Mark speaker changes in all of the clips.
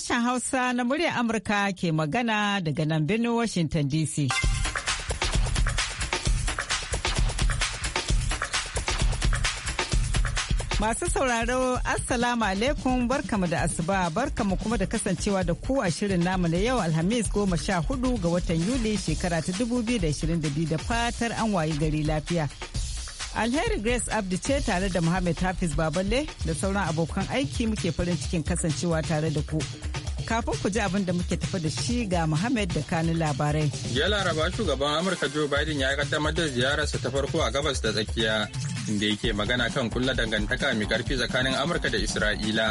Speaker 1: Sashen Hausa na muryar Amurka ke magana daga nan birnin Washington DC. Masu sauraro, Assalamu alaikum barkamu da asuba barkamu kuma da kasancewa da ku a shirin namu na yau Alhamis goma sha hudu ga watan Yuli shekara ta 2022 da fatar an wayi gari lafiya. Alheri Grace Abdi ce tare da Muhammad Hafiz Baballe da sauran abokan aiki muke farin cikin kasancewa tare da ku. kafin ku ji abin da muke tafi da shi ga Muhammad da kanu labarai.
Speaker 2: Ya laraba shugaban Amurka Joe Biden ya kaddamar da ziyararsa ta farko a gabas da tsakiya inda yake magana kan kulla dangantaka mai karfi tsakanin Amurka da Isra'ila.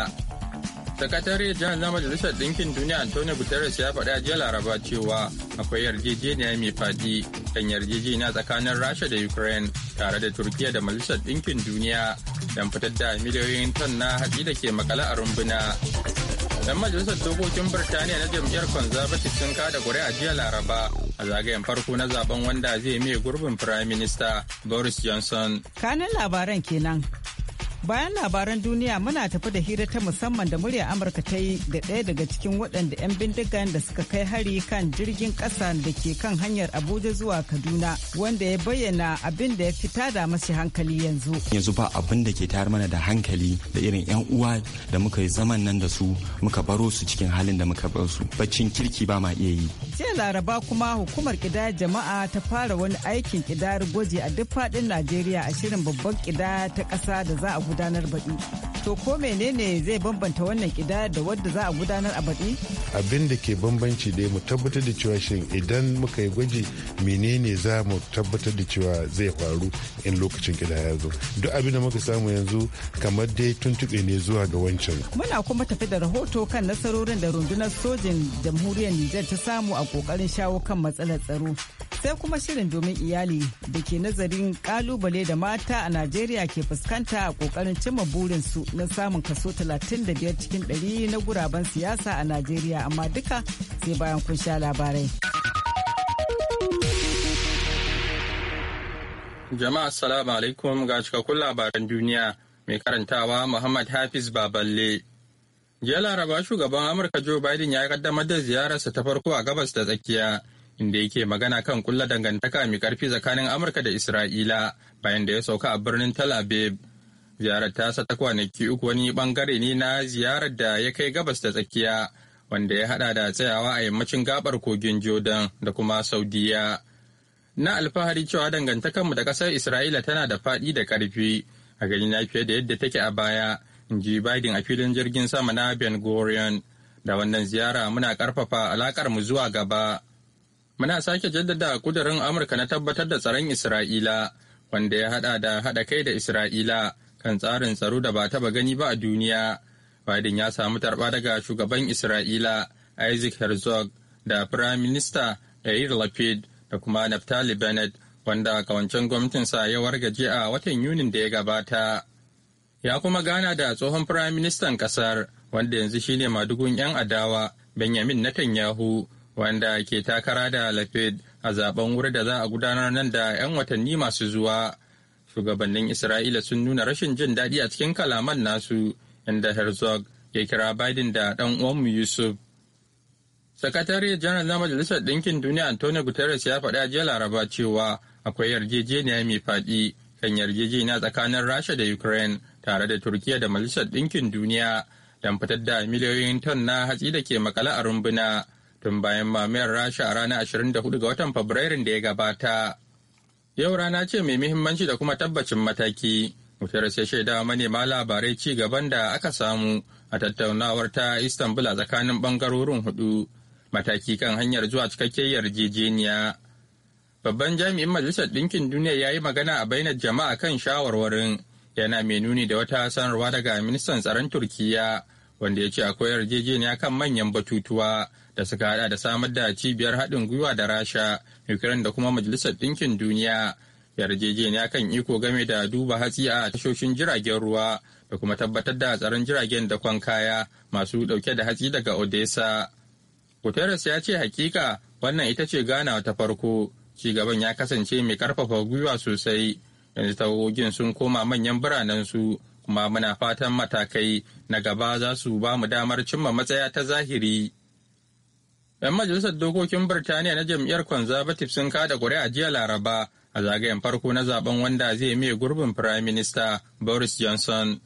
Speaker 2: Sakatare jihar na Majalisar Ɗinkin Duniya Antonio Guterres ya a jiya laraba cewa akwai yarjejeniya mai faɗi kan yarjejeniya tsakanin Rasha da Ukraine tare da Turkiya da Majalisar Ɗinkin Duniya don fitar da miliyoyin ton na hatsi da ke makala a rumbuna. 'Yan majalisar dokokin Birtaniya na jam'iyyar Conservative sun kada kuri'a jiya Laraba a zagayen farko na zaben wanda zai mai gurbin Prime Minister Boris Johnson.
Speaker 1: Kanan labaran kenan Bayan labaran duniya muna tafi da hira ta musamman da murya Amurka ta yi da ɗaya daga cikin waɗanda 'yan bindigan da suka kai hari kan jirgin ƙasa da ke kan hanyar Abuja zuwa Kaduna wanda ya bayyana abin da ya fi tada masa
Speaker 3: hankali yanzu. Yanzu ba abin da ke tayar mana da hankali da irin 'yan uwa da muka yi zaman nan da su muka baro su cikin halin da muka bar su. Baccin kirki ba ma iya yi.
Speaker 1: Jiya Laraba kuma hukumar kidaya jama'a ta fara wani aikin kidayar gwaji a duk faɗin Najeriya a shirin babban kidaya ta ƙasa da za a gudanar baɗi. To ko menene zai bambanta wannan kida da wadda za a gudanar a baɗi?
Speaker 4: Abin da ke bambanci dai mu tabbatar da cewa shin idan muka yi gwaji menene za mu tabbatar da cewa zai faru in lokacin ya zo. Duk abin da muka samu yanzu kamar dai tuntuɓe ne zuwa ga wancan.
Speaker 1: Muna kuma tafi da rahoto kan nasarorin da rundunar sojin jamhuriyar Nijar ta samu a kokarin shawo kan matsalar tsaro. sai kuma shirin domin iyali da ke nazarin kalubale da mata a Najeriya ke fuskanta a kokarin cimma burinsu na samun kaso 35 cikin 100 na guraben siyasa a Najeriya amma duka sai bayan kun sha labarai.
Speaker 2: Jama'a salamu alaikum ga cikakkun labaran duniya mai karantawa Muhammad Hafiz Baballe. Jiya Laraba shugaban Amurka Joe Biden ya kaddamar da ziyararsa ta farko a gabas da tsakiya inda yake magana kan kulla dangantaka mai karfi tsakanin Amurka da Isra'ila bayan da ya sauka a birnin Tel Aviv. Ziyarar tasa ta kwanaki uku wani bangare ne na ziyarar da ya kai gabas da tsakiya wanda ya hada da tsayawa a yammacin gabar kogin Jordan da kuma Saudiya. Na alfahari cewa dangantakarmu da ƙasar Isra'ila tana da faɗi da karfi a na fiye da yadda take a baya, in ji Biden a filin jirgin sama na Ben Gurion. Da wannan ziyara muna ƙarfafa mu zuwa gaba. Muna sake jaddada kudurin Amurka na tabbatar da tsaron Isra'ila, wanda ya haɗa da haɗa kai da Isra'ila kan tsarin tsaro da ba taba gani ba a duniya. Biden ya samu tarɓa daga shugaban Isra'ila Isaac Herzog da Prime Minister Yair Lapid da kuma Naftali Bennett wanda a kawancen gwamnatinsa ya wargaje a watan Yunin da ya gabata. Ya kuma gana da tsohon Prime Ministan kasar wanda yanzu shine madugun 'yan adawa Benjamin Netanyahu wanda ke takara da lafid a zaben wuri da za a gudanar nan da 'yan watanni masu zuwa shugabannin isra'ila sun nuna rashin jin daɗi a cikin kalaman nasu inda herzog ya kira biden da ɗan uwanmu yusuf sakatare janar na majalisar ɗinkin duniya antonio guterres ya faɗa jiya laraba cewa akwai yarjejeniya mai faɗi kan yarjejeniya tsakanin rasha da ukraine tare da turkiya da majalisar ɗinkin duniya don fitar da miliyoyin ton na hatsi da ke makale a rumbuna tun bayan mamayar rasha a ranar 24 ga watan fabrairun da ya gabata yau rana ce mai muhimmanci da kuma tabbacin mataki guterres sai shaida manema labarai ci gaban da aka samu a tattaunawar ta istanbul a tsakanin bangarorin hudu mataki kan hanyar zuwa cikakken yarjejeniya babban jami'in majalisar ɗinkin duniya ya yi magana a bainar jama'a kan shawarwarin yana mai nuni da wata sanarwa daga ministan tsaron turkiyya wanda ya ce akwai yarjejeniya kan manyan batutuwa da suka hada da samar da cibiyar haɗin gwiwa da rasha ukraine da kuma majalisar ɗinkin duniya yarjejeniya kan iko game da duba hatsi a tashoshin jiragen ruwa da kuma tabbatar da tsaron jiragen da kwan kaya masu ɗauke da hatsi daga odessa guterres ya ce hakika wannan ita ce ganawa ta farko cigaban ya kasance mai karfafa gwiwa sosai yanzu tahogin sun koma manyan biranensu kuma muna fatan matakai na gaba za su ba mu damar cimma matsaya ta zahiri. 'Yan majalisar dokokin Birtaniya na jam'iyyar Conservative sun kada ƙuri'a jiya Laraba a zagayen farko na zaben wanda zai mai gurbin Prime Minister Boris Johnson.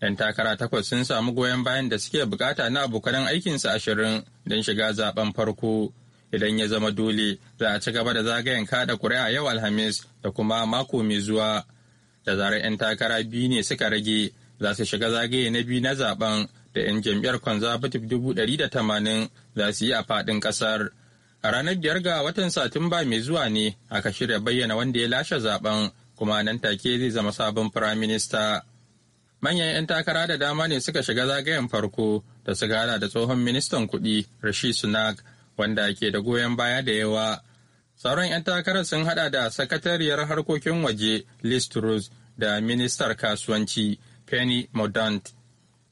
Speaker 2: 'Yan takara takwas sun samu goyon bayan da suke bukata na abokan aikinsa ashirin don shiga zaben farko. Idan ya zama dole, za a ci gaba da zagayen kada ƙuri'a yau Alhamis da kuma mako mai zuwa. da zarar 'yan takara biyu ne suka rage za su shiga zagaye na biyu na zaben da 'yan jam'iyyar conservative dubu ɗari da tamanin za su yi a faɗin ƙasar a ranar biyar ga watan satumba mai zuwa ne aka shirya bayyana wanda ya lashe zaben kuma nan take zai zama sabon firaminista manyan 'yan takara da dama ne suka shiga zagayen farko da su gada da tsohon ministan kuɗi rashi sunak wanda ke da goyon baya da yawa Sauran 'yan takarar sun hada da sakatariyar harkokin waje Liz Truss da ministar kasuwanci Penny Mordaunt.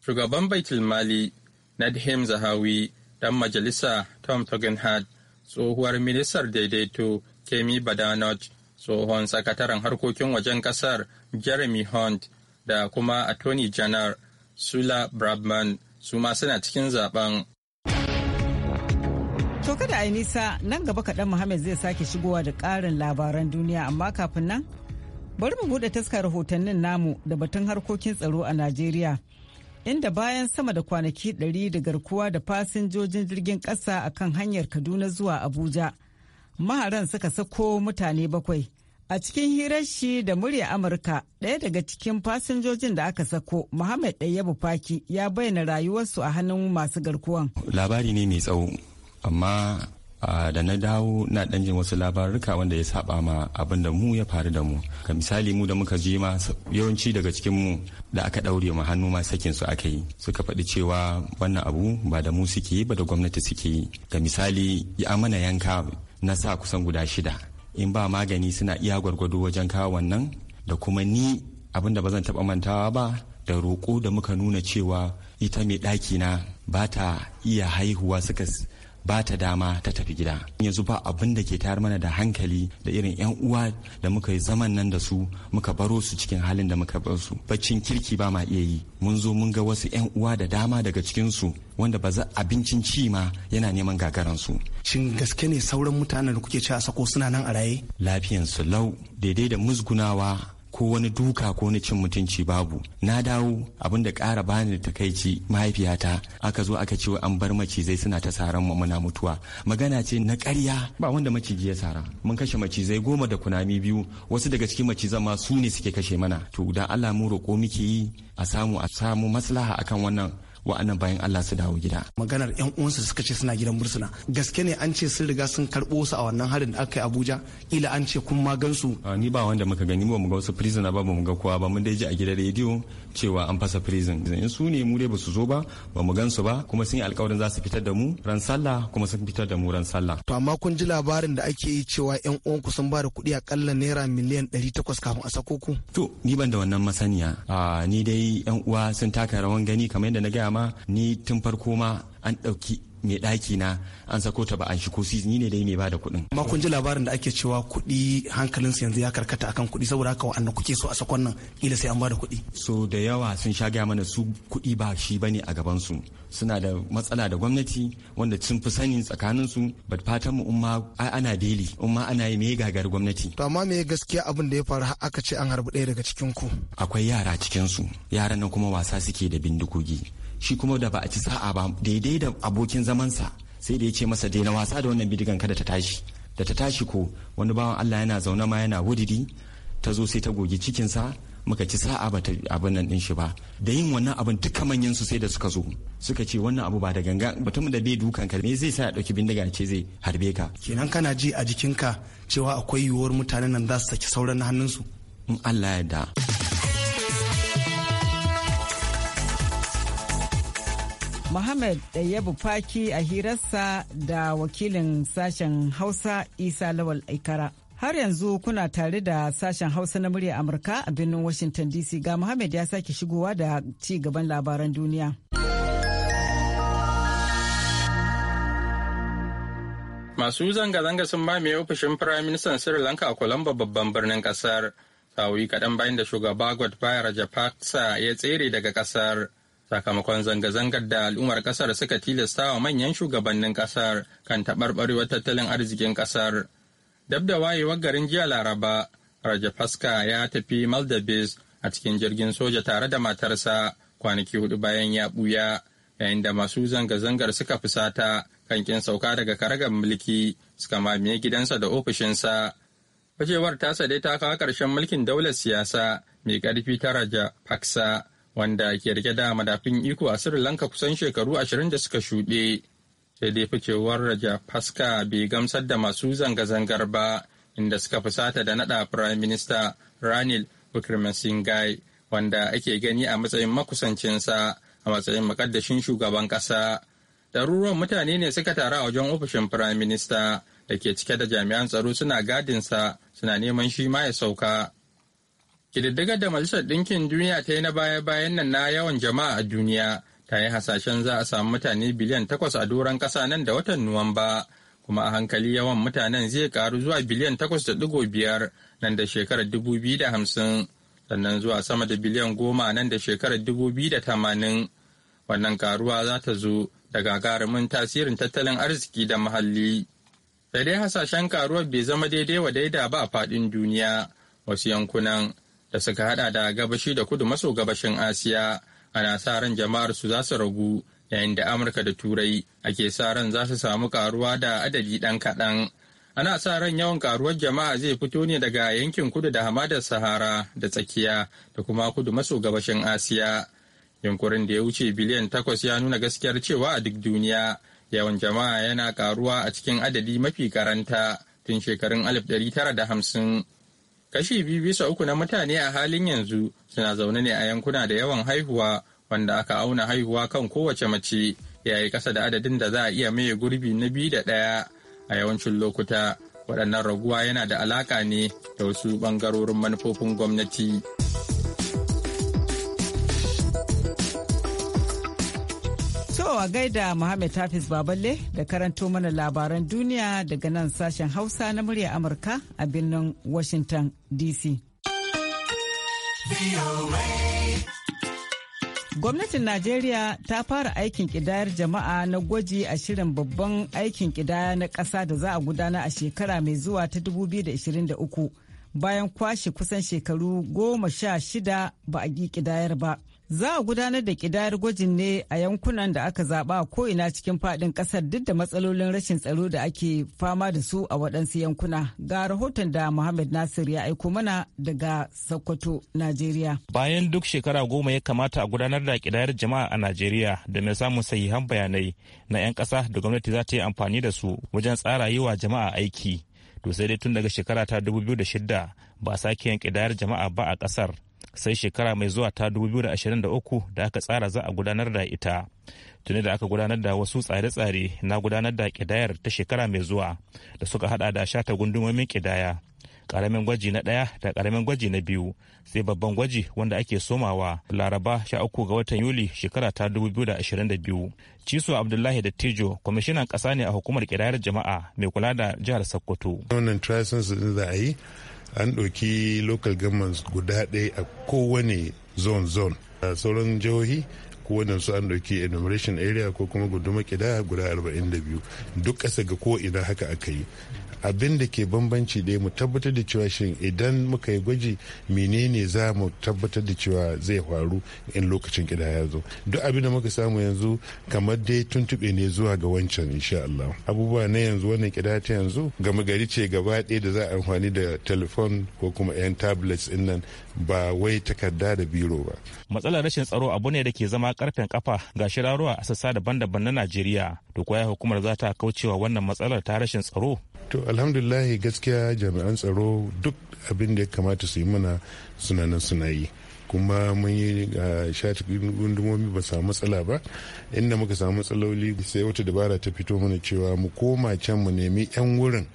Speaker 2: Shugaban Baitul Mali Nadhim Zahawi dan majalisa Tom Tugendhat tsohuwar ministar daidaito Kemi badanot tsohon sakataren harkokin wajen kasar Jeremy Hunt da kuma Attorney General Sula Brabman su ma suna cikin zaben.
Speaker 1: kada a nisa nan gaba kaɗan Muhammad zai sake shigowa da ƙarin labaran duniya amma kafin nan bari mu buɗe taska rahotannin namu da batun harkokin tsaro a Najeriya. Inda bayan sama da kwanaki ɗari da garkuwa da fasinjojin jirgin ƙasa a kan hanyar Kaduna zuwa Abuja, maharan suka sako mutane bakwai. A cikin hirar shi da murya Amurka, ɗaya daga cikin fasinjojin da aka sako, Muhammad Ɗayyabu Faki ya bayyana rayuwarsu a hannun masu garkuwan.
Speaker 3: Labari ne mai tsawo amma da na dawo na dan jin wasu labaruka wanda ya saba ma abin da mu ya faru da mu ka misali mu da muka je ma yawanci daga cikin mu da aka daure ma hannu ma sakin su aka yi suka faɗi cewa wannan abu ba da mu suke yi ba da gwamnati suke yi ga misali ya mana yanka na sa kusan guda shida in ba magani suna iya gwargwado wajen kawo wannan da kuma ni abin da ba zan taɓa mantawa ba da roƙo da muka nuna cewa ita mai ɗaki na ba ta iya haihuwa suka ba ta dama ta tafi gida yanzu ba abin da ke tayar mana da hankali da irin yan uwa da muka yi zaman nan da su muka baro su cikin halin da muka bar su baccin kirki ba ma iya yi mun zo mun ga wasu yan uwa da dama daga cikin su wanda ba za abincin ci ma yana neman gagaran su
Speaker 5: shin gaske ne sauran mutanen da kuke ci a sako suna nan a raye
Speaker 3: lafiyansu lau daidai da musgunawa ko wani duka ko wani cin mutunci babu na dawo abin da kara bani da takaici mahaifiyata aka zo aka cewa an bar macizai suna ta saran mu muna mutuwa magana ce na ƙarya ba wanda maciji ya sara mun kashe macizai goma da kunami biyu wasu daga cikin macizan ma su ne suke kashe mana to da Allah mu roƙo muke yi a samu a samu maslaha akan wannan wa'annan bayan Allah su dawo gida
Speaker 5: maganar yan uwansu suka ce suna gidan mursuna
Speaker 3: gaske ne an ce sun riga sun karbo su a wannan harin da aka yi Abuja ila an ce kun ma gansu ni ba wanda muka gani ba mu ga wasu prisoner ba mu ga kowa ba mun dai ji a gidan rediyo cewa an fasa prison in su ne mu dai ba su zo ba ba mu gansu ba kuma sun yi alkawarin za su fitar da mu ran sallah kuma sun fitar da mu ran sallah
Speaker 6: to amma kun ji labarin
Speaker 5: da ake yi cewa yan uwanku sun ba da kuɗi akalla naira miliyan 800 kafin a sako ku
Speaker 3: to ni ban da wannan masaniya ni dai yan uwa sun taka rawan gani kamar yadda na gaya ma ni tun farko ma an ɗauki mai ɗaki na an sako ta ba an shi kusi ni ne dai mai bada kuɗin. amma kun ji
Speaker 5: labarin da ake cewa kuɗi hankalinsu yanzu ya karkata akan kuɗi saboda haka wa'anda kuke so a sakon nan
Speaker 3: ila sai an bada kuɗi. so da yawa sun sha gaya mana su kuɗi ba shi bane a gabansu su suna da matsala da gwamnati wanda sun fi sanin tsakanin su bat fatan mu umma ana beli umma ana yi mai gagar gwamnati. to amma me gaskiya abin da ya faru aka ce an harbi ɗaya daga cikin ku. akwai yara cikin su yaran nan kuma wasa suke da bindigogi. shi kuma da ba a ci sa'a ba daidai da abokin zamansa sai da ya ce masa daina wasa da wannan bidigan kada ta tashi da ta tashi ko wani bawan Allah yana zaune ma yana wudiri ta zo sai ta gogi cikinsa muka ci sa'a ba abin nan din shi ba da yin wannan abin duka manyan su sai da suka zo suka ce wannan abu ba da ganga mutum da bai dukan ka me zai sa ya dauki bindiga ce zai harbe ka kenan kana ji a jikinka cewa akwai yiwuwar mutanen nan za su saki sauran hannunsu in Allah ya yarda
Speaker 1: Muhammad Ɗayyabu bufaki a hirarsa da wakilin sashen Hausa Isa Lawal Aikara. Har yanzu kuna tare da sashen Hausa na murya Amurka a birnin Washington DC ga Muhammad ya sake shigowa da ci gaban labaran duniya.
Speaker 2: Masu zanga-zanga sun mamaye ofishin Firaministan Sri Lanka a Colombo babban birnin kasar. Sa'o'i kaɗan bayan da shugaba Godfrey Rajapaksa ya tsere daga kasar. sakamakon zanga-zangar da al'ummar kasar suka tilasta wa manyan shugabannin kasar kan taɓarɓarewar tattalin arzikin kasar. Dab da wayewar garin jiya Laraba, Rajafaska ya tafi Maldives a cikin jirgin soja tare da matarsa kwanaki hudu bayan ya ɓuya, yayin da masu zanga-zangar suka fusata kan kin sauka daga karagar mulki suka mamaye gidansa da ofishinsa. Bacewar tasa dai ta kawo ƙarshen mulkin daular siyasa mai ƙarfi ta Raja Faksa wanda ke rike da madafin iko a Sri Lanka kusan shekaru ashirin da suka shuɗe. Sai dai ficewar Raja Faska bai gamsar da masu zanga-zangar ba, inda suka fusata da naɗa Prime Minister Ranil Wickremesinghe wanda ake gani a matsayin makusancinsa a matsayin makaddashin shugaban ƙasa. Ɗaruruwan mutane ne suka taru a wajen ofishin Prime Minister da ke cike da jami'an tsaro suna gadinsa suna neman shi ma ya sauka. Kididdigar da Majalisar Ɗinkin Duniya ta yi na baya-bayan nan na yawan jama'a a duniya ta yi hasashen za a samu mutane biliyan takwas a doron ƙasa nan da watan Nuwamba, kuma a hankali yawan mutanen zai karu zuwa biliyan takwas da ɗigo biyar nan da shekarar dubu biyu da hamsin, sannan zuwa sama da biliyan goma nan da shekarar dubu biyu da tamanin. Wannan karuwa za ta zo da gagarumin tasirin tattalin arziki da muhalli. Sai dai hasashen karuwar bai zama daidai wa daida ba a faɗin duniya. Wasu yankunan da suka hada da gabashi da kudu maso gabashin asiya ana sa ran jama'ar su za su ragu yayin da amurka da turai ake sa ran za su samu karuwa da adadi ɗan kaɗan ana sa ran yawan karuwar jama'a zai fito ne daga yankin kudu da hamadar sahara da tsakiya da kuma kudu maso gabashin asiya yunkurin da ya wuce biliyan takwas ya nuna gaskiyar cewa a duk duniya yawan jama'a yana karuwa a cikin adadi mafi karanta tun shekarun 1950 Kashi biyu bisa uku na mutane a halin yanzu suna zaune ne a yankuna da yawan haihuwa wanda aka auna haihuwa kan kowace mace yayi kasa da adadin da za a iya maye gurbi na biyu da ɗaya a yawancin lokuta waɗannan raguwa yana da alaƙa ne da wasu ɓangarorin manufofin gwamnati.
Speaker 1: a gaida Muhammad Hafiz Baballe da karanto mana labaran duniya daga nan sashen Hausa na murya Amurka a birnin Washington DC. Gwamnatin Najeriya ta fara aikin kidayar jama'a na gwaji a shirin babban aikin kidaya na ƙasa da za a gudana a shekara mai zuwa ta 2023 bayan kwashe kusan shekaru goma sha shida ba a yi kidayar ba. Za a gudanar da kidayar gwajin ne a yankunan da aka zaɓa ina cikin faɗin ƙasar duk da matsalolin rashin tsaro da ake fama da su a waɗansu yankuna. Ga rahoton da Muhammad Nasir ya aiko mana daga Sokoto, Najeriya.
Speaker 7: Bayan duk shekara goma ya kamata a gudanar da kidayar jama'a a Najeriya da mai samun sahihan bayanai na 'yan ƙasa da gwamnati za ta yi amfani da su wajen tsara yiwa jama'a aiki. To sai dai tun daga shekara ta 2006 ba a sake yin kidayar jama'a ba a ƙasar. sai shekara mai zuwa ta 2023 da aka tsara za a gudanar da ita tuni da aka gudanar da wasu tsare-tsare na gudanar da kidayar ta shekara mai zuwa da suka hada da shata gundumomin kidaya karamin gwaji na ɗaya da karamin gwaji na biyu sai babban gwaji wanda ake somawa laraba sha uku ga watan yuli shekara ta biyu ciso abdullahi da tejo kwamishinan kasa ne a hukumar kidayar jama'a mai kula da jihar sokoto
Speaker 4: an ɗauki local governments guda ɗaya a kowane zone zone a sauran jihohi kowane su an ɗauki enumeration area ko kuma guduma kida guda 42 duk ƙasa ga ko ina haka aka yi abin da ke bambanci ɗaya mu tabbatar da cewa shin idan muka yi gwaji menene za mu tabbatar da cewa zai faru in lokacin kida ya zo duk abin da muka samu yanzu kamar dai tuntuɓe ne zuwa ga wancan insha Allah abubuwa na yanzu wannan kida ta yanzu gama gari ce gaba ɗaya da za a amfani da telefon ko kuma 'yan tablets din nan ba wai takarda da biro ba
Speaker 7: matsalar rashin tsaro abu ne da ke zama karfen kafa ga shirarwa a sassa daban-daban na Najeriya to kuwa hukumar za ta kaucewa wannan matsalar ta rashin tsaro
Speaker 4: to alhamdulillahi gaskiya jami'an tsaro duk abin da ya kamata su yi mana suna nan suna yi kuma mun yi ah, shati gundumomi ba samu matsala ba inda muka samu matsaloli sai wata dabara ta fito mana cewa mu koma can mu nemi 'yan wurin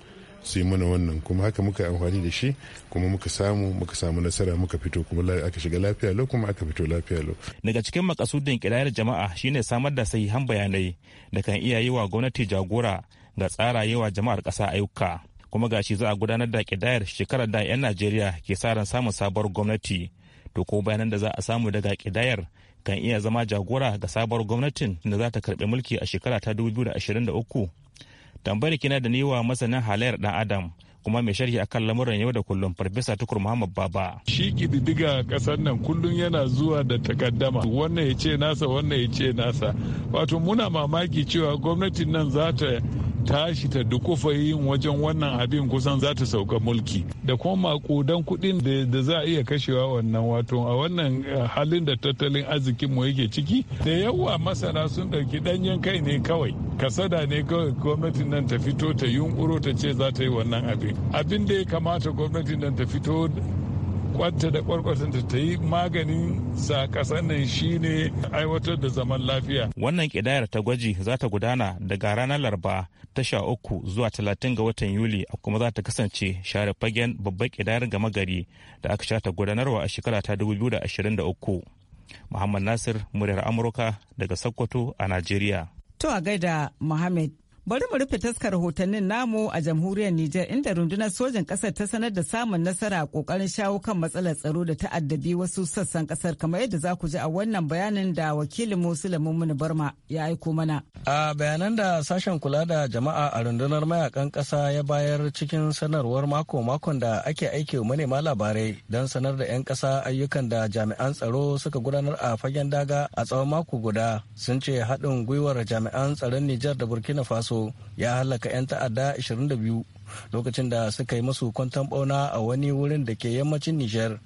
Speaker 4: su yi mana wannan kuma haka muka amfani da shi kuma muka samu muka samu nasara muka fito kuma aka shiga lafiya lau kuma aka fito lafiya lau.
Speaker 7: daga cikin makasudin kirayar jama'a shine samar da sahihan bayanai da kan iya yi wa gwamnati jagora da tsara yawa jama'ar ƙasa ayyuka kuma gashi za a gudanar da kidayar shekarar da 'yan najeriya ke sa ran samun sabuwar gwamnati to ko bayanan da za a samu daga kidayar kan iya zama jagora ga sabuwar gwamnatin da za ta karbi mulki a shekara ta 2023 tambayar kina da ni wa masanin halayyar dan adam kuma mai sharhi akan lamuran yau da kullum farfesa tukur muhammad baba
Speaker 5: shi kididdiga kasar nan kullum yana zuwa da takaddama wannan ya ce nasa wannan ya ce nasa wato muna mamaki cewa gwamnatin nan za ta tashi ta dukufa yin wajen wannan abin kusan za ta sauka mulki da kuma makudan kudin. da za a iya kashewa wannan wato a wannan eh, halin da tattalin arzikin mu yake ciki da yawa masana sun ɗauki ɗanyen kai ne kawai kasada ne kawai gwamnatin nan ta fito ta yunkuro ta ce za ta yi wannan abin abin da ya kamata gwamnatin nan ta fito kwanta da kwarkwatanta ta yi maganin sa kasan nan shine aiwatar da zaman lafiya.
Speaker 7: Wannan kidayar ta gwaji za ta gudana daga ranar Laraba tasha uku zuwa talatin ga watan Yuli a kuma za ta kasance share fagen babban kidayar gama gari da aka sha ta gudanarwa a shekara ta 2023. Muhammad Nasir, muryar Amurka daga Sokoto a Najeriya.
Speaker 1: To a gaida Muhammad Bari mu rufe taskar hotannin namu a jamhuriyar Nijar inda rundunar sojin kasar ta sanar da samun nasara a kokarin shawo kan matsalar tsaro da ta'addabi wasu sassan kasar kamar yadda za ku ji a wannan bayanin da wakilin Musulamin Muni Barma ya aiko mana.
Speaker 8: A bayanan da sashen kula da jama'a a rundunar mayakan kasa ya bayar cikin sanarwar mako-makon da ake aiki manema labarai don sanar da 'yan kasa ayyukan da jami'an tsaro suka gudanar a fagen daga a tsawon mako guda sun ce haɗin gwiwar jami'an tsaron Nijar da Burkina Faso ya halaka 'yan ta'adda 22 lokacin da suka yi masu kwanton bauna a wani wurin da ke yammacin nijar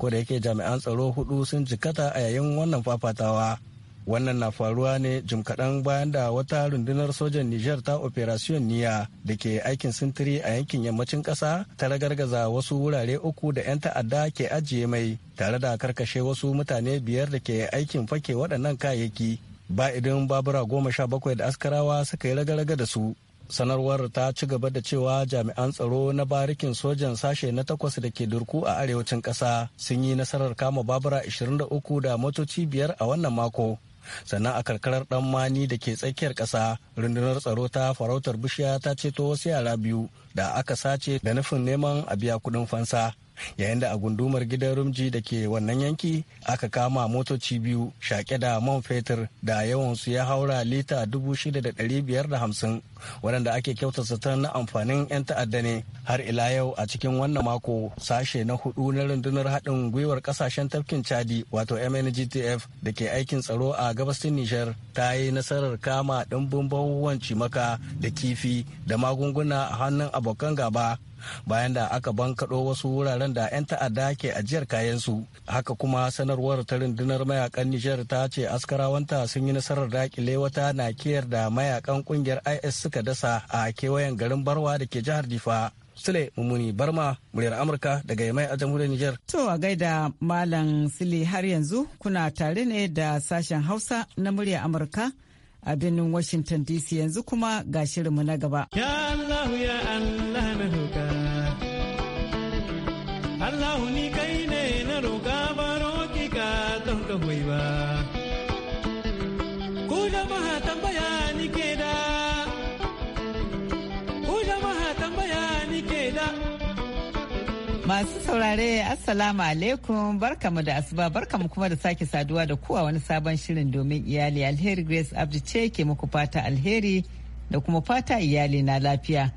Speaker 8: ko da yake jami'an tsaro hudu sun jikata a yayin wannan fafatawa wannan na faruwa ne jim kaɗan bayan da wata rundunar sojan niger ta operation niya da ke aikin sintiri a yankin yammacin ƙasa ta ragargaza wasu wurare uku da 'yan ta'adda ke ajiye mai tare da karkashe wasu mutane biyar da ke aikin fake waɗannan kayayyaki ba idan babura goma sha bakwai da askarawa suka yi raga-raga da su sanarwar ta ci gaba da cewa jami'an tsaro na barikin sojan sashe na takwas da ke durku a arewacin ƙasa sun yi nasarar kama babura 23 da motoci biyar a wannan mako sannan a karkarar dan mani da ke tsakiyar ƙasa rundunar tsaro ta farautar bishiya ta ceto wasu yara biyu da aka sace da nufin neman a biya kuɗin fansa yayin da a gundumar gidan rumji da ke wannan yanki aka kama motoci biyu shaƙe da man fetur da yawansu ya haura lita 6,550 waɗanda ake kyauta na amfanin 'yan ta'adda ne har ila yau a cikin wannan mako sashe na hudu na rundunar haɗin gwiwar ƙasashen tafkin chadi wato mngtf da ke aikin tsaro a gabasin nijar ta yi nasarar kama ɗimbin bahuwan cimaka da kifi da magunguna a hannun abokan gaba bayan da aka bankaɗo wasu wuraren da 'yan ta'adda ke ajiyar kayansu haka kuma sanarwar ta rundunar mayakan nijar ta ce askarawanta sun yi nasarar dakile wata kiyar da mayakan kungiyar is suka dasa a kewayen garin barwa da ke jihar difa sule mummuni barma muryar amurka daga yamai a jamhuriyar nijar to a gaida malam
Speaker 1: sule har yanzu kuna tare ne da sashen hausa na muryar amurka a birnin washington dc yanzu kuma ga shirinmu na gaba ya allah ya allah
Speaker 8: Allah ni na roƙa baro don ka Ku jama'a tambaya ni ke da, ku jama'a tambaya ni
Speaker 5: ke da.
Speaker 1: Masu saurare Assalamu alaikum barkamu da asuba barkamu kuma da sake saduwa da kuwa wani sabon shirin domin iyali alheri Grace Abdi ce ke muku fata alheri da kuma fata iyali na lafiya.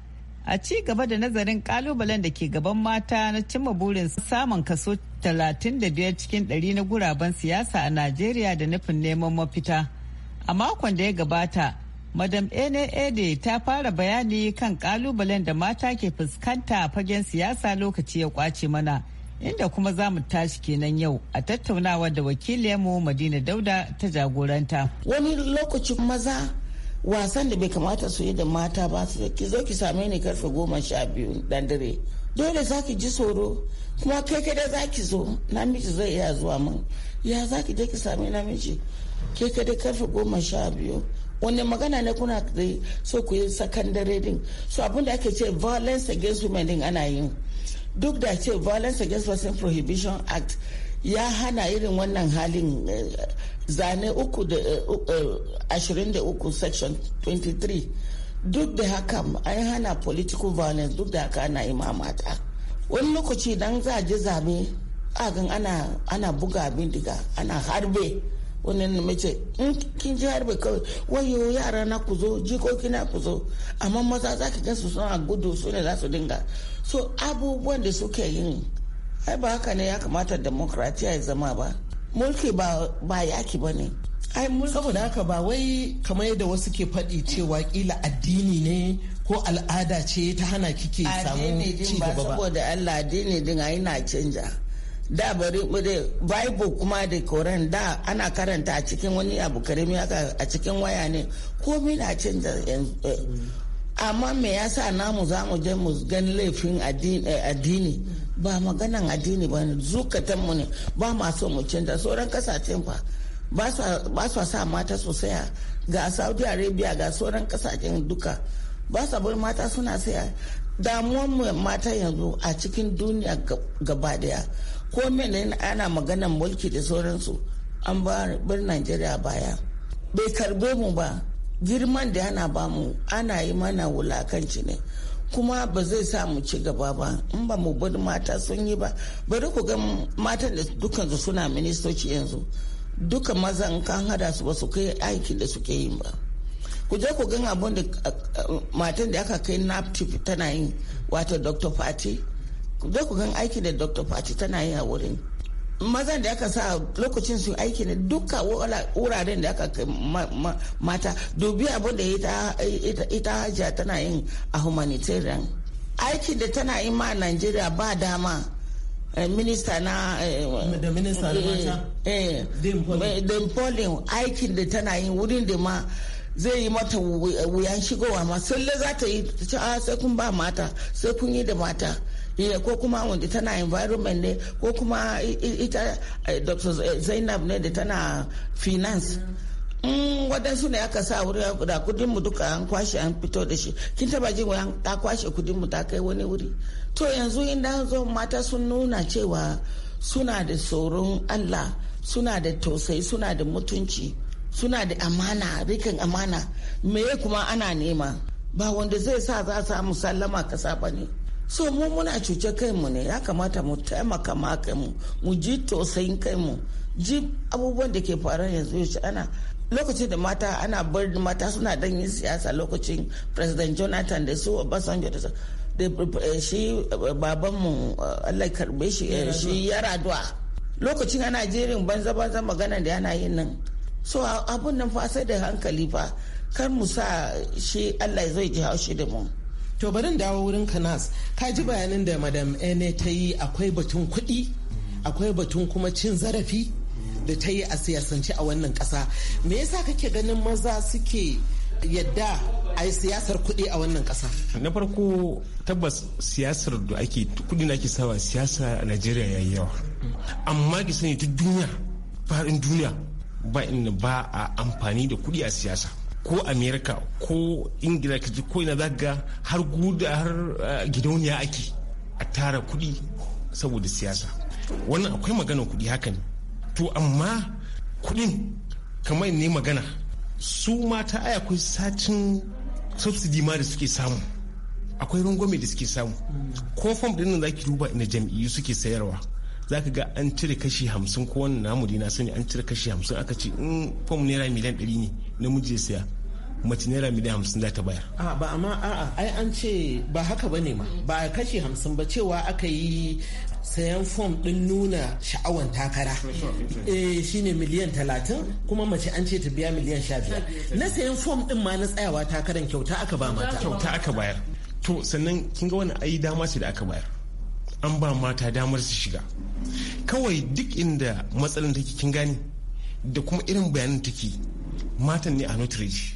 Speaker 1: a ci gaba da nazarin kalubalen da ke gaban mata na cimma burin samun kaso 35 cikin 100 na guraben siyasa a najeriya da nufin neman mafita a makon da ya gabata madam ene ede ta fara bayani kan kalubalen da mata ke fuskanta a fagen siyasa lokaci ya kwace mana inda kuma za mu tashi kenan yau a
Speaker 9: tattaunawa da wakiliyarmu madina dauda ta jagoranta wani lokacin maza wasan da bai kamata su yi da mata ba su ki zo ki same ni karfe goma sha biyu dan dare dole za ki ji tsoro kuma kai da za ki zo namiji zai iya zuwa min ya za ki je ki same namiji kai da karfe goma sha biyu wani magana ne kuna da so ku yi sakandare din so abin da ake ce violence against women din ana yin duk da ce violence against women prohibition act ya hana irin wannan halin eh, zane uku da eh, eh, ashirin da uku section 23 duk da haka an hana political violence duk da haka ana yi mata wani lokaci dan za a ji zabe agan ana ana buga bindiga ana harbe wani mace in kin ji harbe kawai wayo yara na ku jikoki na kuzo zo amma maza za ka gansu suna gudu su ne za su dinga so abubuwan da suke yin ai ba haka ne ya kamata demokratiya ya zama
Speaker 6: ba mulki ba yaki ba ne saboda haka ba wai kamar yadda wasu ke faɗi cewa kila addini ne ko al'ada ce ta hana kike samu ci gaba ba saboda
Speaker 9: Allah addini din ai na canja
Speaker 6: da bari bible
Speaker 9: kuma da koran da ana karanta a cikin wani abu karimi haka a cikin waya ne komai na canja eh. mm. amma me yasa namu za mu je mu gan laifin addini eh, ba maganan addini ba ne zukatanmu ne ba ma so mu canza sauran kasashen fa ba su sa mata sosai ga saudi arabia ga sauran kasashen duka ba sa bar mata suna saya damuwan mata yanzu a cikin duniya gaba daya ko menene ana maganan mulki da sauransu an bar najeriya baya bai karbe mu ba girman da ana bamu ana yi mana wulakanci ne kuma ba zai sa mu ci gaba ba in ba mu bari mata sun yi ba bari ku ga matan da dukkan su suna ministoci yanzu dukkan mazan kan hada su ba su kai aikin da suke yi ba ku je ku gan abin da matan da aka kai naptip tana yin wato dr fati ku je ku gan aikin da dr fati tana yi a wurin mazan da aka sa lokacin su aiki na duka wuraren da aka mata dubi abin da ita hajiya tana yin a humanitarian aikin da tana yi ma Nigeria ba dama eh, minista na eh, da minista na eh, aikin da tana yi wurin da ma zai yi mata wuyan shigowa ma sai za ta yi ah, sai kun ba mata sai kun yi da mata ko kuma wanda tana environment ne ko kuma ita eh, dr eh, zainab ne da tana finance mm, waɗansu ne aka sa wuri da kudinmu duka an kwashe an fito da shi kin taba jin wa ta kwashe kudinmu ta kai wani wuri to yanzu inda zo mata sun nuna cewa suna da tsoron allah suna da tausayi suna da mutunci suna da amana rikin amana me kuma ana nema ba wanda zai sa za a samu sallama kasa ba ne so mu muna cuce kanmu ne ya kamata mu taimaka ma kanmu mu ji tausayin kanmu ji abubuwan da ke faru yanzu yaushe ana lokacin da mata ana bar mata suna dan yin siyasa lokacin president jonathan da su obasanjo da eh, shi eh, babanmu eh, allah karbe shi shi ya raduwa lokacin a jerin banza banza magana da yana yin nan so abun nan fa sai da hankali fa
Speaker 6: kar mu sa shi allah zai ji haushi da mu to barin dawo wurin kanas ka ji bayanin da madam ene ta yi akwai batun kuɗi akwai batun kuma cin zarafi da ta yi a siyasance a wannan kasa me yasa kake ganin maza suke yadda a yi siyasar kuɗi a wannan ƙasa
Speaker 5: na farko tabbas siyasar da ake kuɗi na ake sawa siyasa a najeriya ya yi yawa amma ki sani ta duniya faɗin duniya ba inda ba a amfani da kuɗi a siyasa ko amerika ko ingila ka ji ko ina za ga har guda har eh, gidauniya ake a tara kudi saboda siyasa wannan akwai magana kudi haka ne to amma kudin kamar ne magana su mata aya akwai satin subsidy ma da suke samu akwai rangwame da suke samu ko fom ɗin za ki duba ina jam'iyyu suke sayarwa za ka ga an cire kashi hamsin ko wani namu dina na sani an cire kashi hamsin aka ce in fom naira miliyan ɗari ne namiji ya saya mace naira miliyan hamsin za ta bayar.
Speaker 6: A ba amma a'a ai an ce ba haka ba ne ma ba kashi hamsin ba cewa aka yi sayan fom din nuna sha'awar takara. Eh shine miliyan talatin kuma mace an ce ta biya miliyan sha biyar. Na sayan fom din ma na tsayawa takaran kyauta aka ba mata. Kyauta aka bayar. To sannan kin ga wani ai dama
Speaker 5: ce da aka bayar. An ba mata damar su shiga. Kawai duk inda matsalar take kin gani da kuma irin bayanin take matan ne a notireji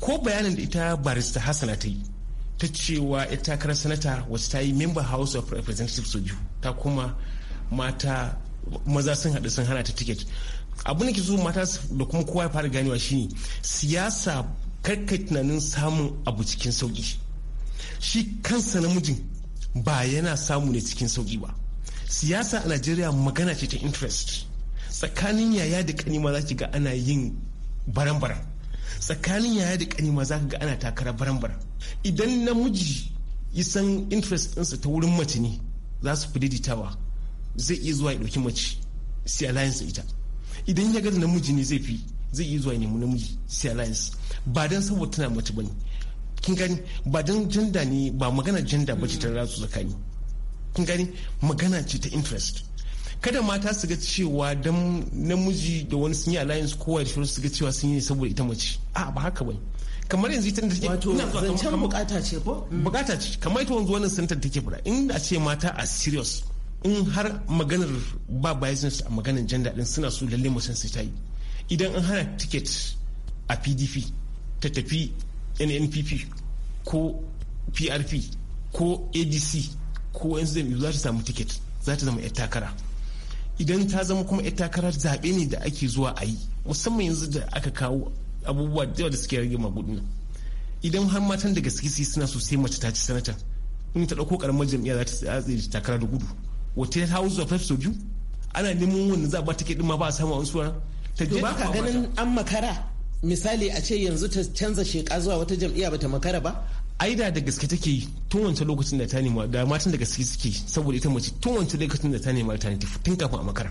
Speaker 5: ko bayanin da ita barista hassana ta yi ta cewa ita takarar sanata wasu ta yi member house of representatives su biyu ta kuma mata maza sun haɗu sun hana ta tiket abu da ke so mata da kuma kowa ya fara ganewa shine siyasa karkai tunanin samun abu cikin sauki shi kansa namijin ba yana samu ne cikin sauki ba siyasa a najeriya magana ce ta interest tsakanin yaya da kanima za ki ga ana yin baran-baran tsakanin yaya da kanima za ka ga ana takara baran-baran idan namiji ya san interest ɗinsa ta wurin mace ne za su fi daidaitawa zai iya zuwa ya ɗauki mace sai alliance ita idan ya gada da namiji ne zai fi zai iya zuwa ya nemi namiji sai alliance ba dan saboda tana mace bane kin gani ba dan janda ne ba magana janda ba ce ta ratsu tsakani kin gani magana ce ta interest kada mata su ga cewa dan namiji da wani sun yi alliance kowa da su ga cewa sun yi saboda ita mace a ba haka bai kamar yanzu ita take wato zancen bukata ce ko mm. bukata ce kamar ita wanzu wannan santar take fara in a ce mata a serious in har maganar ba business a maganar gender din suna so lalle mu san su ta yi idan an hana ticket a PDP ta tafi NNPP ko PRP ko ADC ko NZM za ta samu ticket za ta zama 'yar takara idan ta zama kuma ita takarar zaɓe ne da ake zuwa a yi musamman yanzu da aka kawo abubuwa da da suke rage magudin idan har matan da gaske suna so sai mace ta ci sanata in ta ɗauko karamar jam'iyya za ta tsaye takara da gudu wata ta hau zuwa five sau biyu ana neman wannan za a ba take ɗin ma ba a samu a wasu ta ba ka ganin
Speaker 6: an makara misali a ce yanzu ta canza sheka zuwa wata jam'iyya bata makara ba aida da gaske take tun wancan lokacin da ta nema da
Speaker 5: matan da gaske suke saboda ita mace tun wancan lokacin da ta nema alternative tun kafin a makara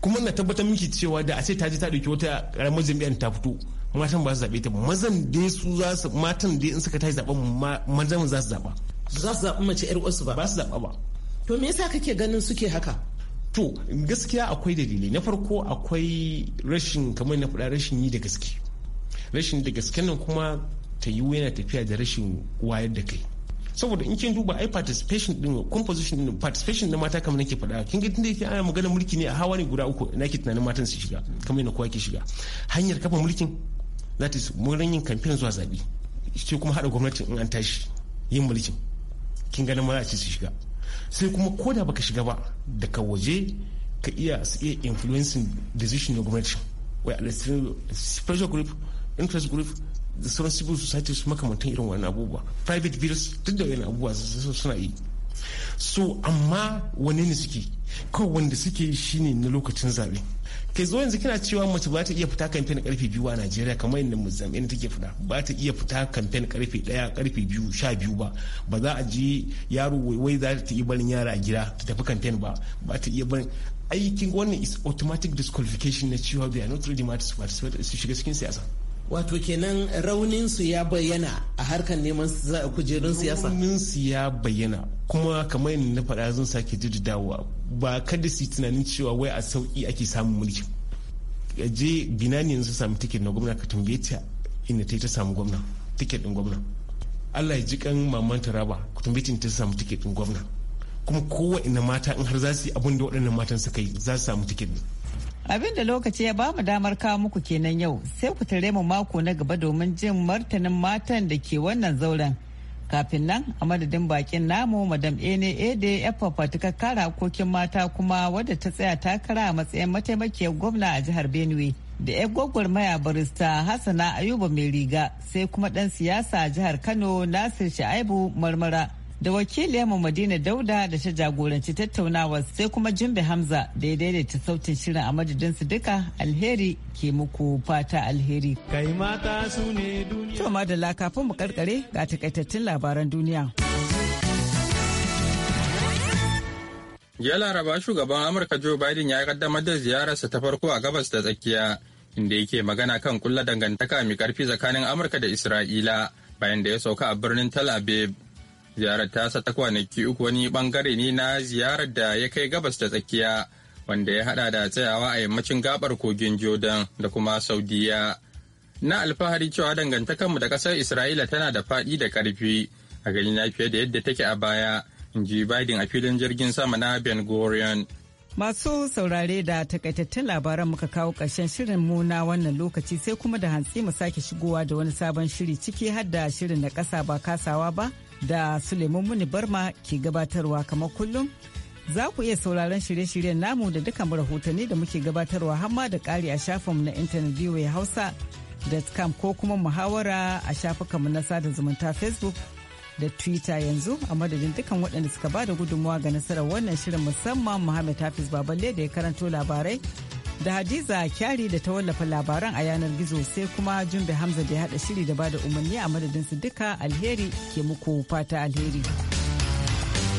Speaker 5: kuma na tabbatar miki cewa da a ce ta je ta dauki wata karamar jami'ar ta fito matan ba su zabe ta mazan dai su za su matan dai in suka tashi zaben mazan za su zaba za su zaba mace yar uwarsu ba ba su zaba ba to me yasa kake ganin suke haka to gaskiya akwai dalilai na farko akwai rashin kamar na faɗa rashin yi da gaske rashin da gaske nan kuma ta yi yana tafiya da rashin wayar da kai saboda in kin duba ai participation din composition din participation na mata kamar nake faɗa kin ga tunda yake ana magana mulki ne a hawa ne guda uku nake tunanin matan su shiga kamar yana kowa ke shiga hanyar kafa mulkin za ta ran yin kamfen zuwa zabi sai kuma haɗa gwamnatin in an tashi yin mulkin kin ga maza su shiga sai kuma koda baka shiga ba daga waje ka iya su iya influencing decision na gwamnati wai pressure group interest group da sauran civil society su makamantan irin wani abubuwa private villas duk da wani abubuwa suna yi so amma wane ne suke kawai wanda suke shi shine na lokacin zabe. kai zo yanzu kina cewa mace ba ta iya fita kamfen karfe biyu a najeriya kamar yadda musamman take fita ba ta iya fita kamfen karfe daya karfe biyu sha biyu ba ba za a je yaro wai za ta iya barin yara a gida ta tafi kamfen ba ba ta iya barin aikin wannan is automatic disqualification na cewa they are not ready to participate su shiga cikin siyasa wato kenan raunin
Speaker 6: su ya bayyana a harkar neman
Speaker 5: kujerun siyasa raunin su ya bayyana kuma kamar yadda na faɗa zan sake jiddawa ba kada su tunanin cewa wai a sauki ake samun mulki je binani yanzu sami tiket na gwamna ka tambaye ta inda ta ta samu gwamna tiket din gwamna Allah ya ji kan maman Taraba ku tambaye ta samu tiket din gwamna kuma kowa ina mata in har za su yi abin da waɗannan matan suka yi za su samu tiket din
Speaker 1: Abin da lokaci ya bamu damar kawo muku kenan yau sai ku tare mu mako na gaba domin jin martanin matan da ke wannan zauren. Kafin nan a madadin bakin namu madam Ene Ede ya fafatukar kare hakokin mata kuma wadda ta tsaya takara a matsayin mataimakiyar gwamna a jihar Benue. Da 'yan maya barista Hassana Ayuba mai riga sai kuma dan siyasa a jihar Kano Nasir Shaibu Marmara. da mu Madina Dauda da ta jagoranci tattaunawar sai kuma Jimbe Hamza da ya daidaita sautin shirin a madadin su duka alheri ke muku fata alheri. Kai mata su
Speaker 8: ne duniya.
Speaker 1: To madalla kafin mu karkare ga takaitattun labaran duniya.
Speaker 2: Ya laraba shugaban Amurka Joe Biden ya kaddamar da ziyararsa ta farko a gabas da tsakiya inda yake magana kan kulla dangantaka mai karfi tsakanin Amurka da Isra'ila bayan da ya sauka a birnin Tel Aviv. ziyarar tasa ta kwanaki uku wani bangare ne na ziyarar da ya kai gabas da tsakiya wanda ya hada da tsayawa a yammacin gabar kogin jordan da kuma saudiya na alfahari cewa dangantakarmu da kasar isra'ila tana da fadi da karfi a gani na fiye da yadda take a baya in ji biden a filin jirgin sama na ben gurion
Speaker 1: Masu saurare da takaitattun labaran muka kawo ƙarshen shirin mu na wannan lokaci sai kuma da hantsi mu sake shigowa da wani sabon shiri ciki har da shirin da ƙasa ba kasawa ba da Suleiman Muni Barma ke gabatarwa kamar kullum. Za ku iya sauraron shirye-shiryen namu da dukkan rahotanni da muke gabatarwa hamma da ƙari a shafinmu na intanet VOA Hausa.com ko kuma muhawara a shafukanmu na sada zumunta Facebook da Twitter yanzu a madadin dukkan waɗanda suka ba da gudunmawa ga nasarar wannan shirin musamman Muhammad Hafiz Baballe da ya karanto labarai da hadiza kyari da ta wallafa labaran a yanar gizo sai kuma jumbe hamza da ya hada shiri da bada umarni a madadinsu duka alheri ke muku fata alheri.